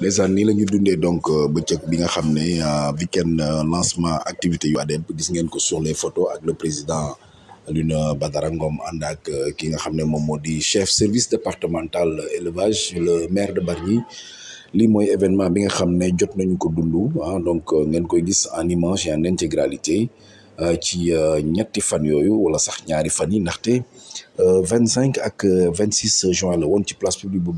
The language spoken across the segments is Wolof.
Les années, nous avons donc euh, euh, euh, lancement activité sur les photos avec le président ki chef service départemental élevage le maire de Bargny li un événement bi nga jot ah, donc koy en image et en intégralité ci ñetti juin la ci place publique bu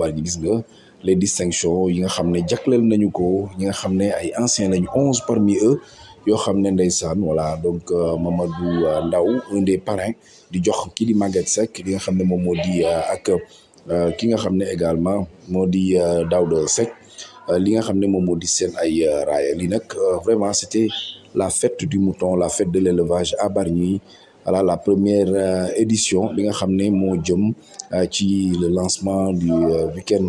les distinctions yi y a ne jagleel nañu ko ñi nga anciens lañu parmi eux yoo a ne ndeysaan voilà donc euh, Mamadou euh, Ndaw un des parrains du Djok Kili di Maguette Seck li nga xam ne di euh, ak ki nga également moo di Daouda Sek, li nga xam ne moom moo di seen ay vraiment c'était la fête du mouton la fête de l'élevage à Bargny la première édition li nga a ne moo qui le lancement du week-end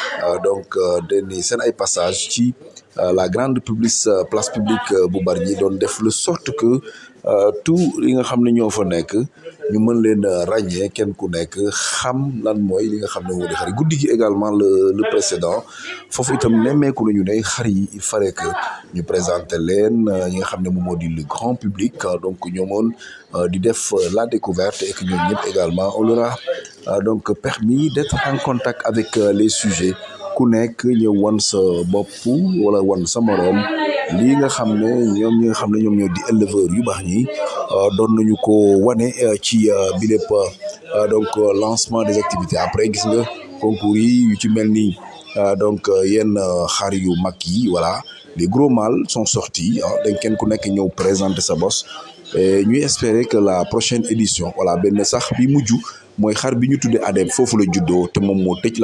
Euh, donc euh, de ni seen ay passage ci Euh, la grande euh, place publique euh, bombardier donne le sorte que tout ce que nous également le précédent il que nous le grand public donc la découverte et que nous également donc permis d'être en contact avec les sujets ku nekk ñëw wan sa bopp wala wan sa morom lii nga xam ne ñoom ñi nga xam ne ñoom ñoo di éleveur yu baax ñi euh, doon nañu ko wane euh, ci euh, bi lépp donc lancement des activités après gis nga concours yi yu ci mel nii donc yenn xar yu mag yi voilà les gros mâles sont sortis hein, dañ kenn ku nekk ñëw présenter sa bos ñuy espérer que la prochaine édition voilà benn sax bi mujj mooy xar bi ñu tuddee adem foofu la juddoo te moom moo tëj la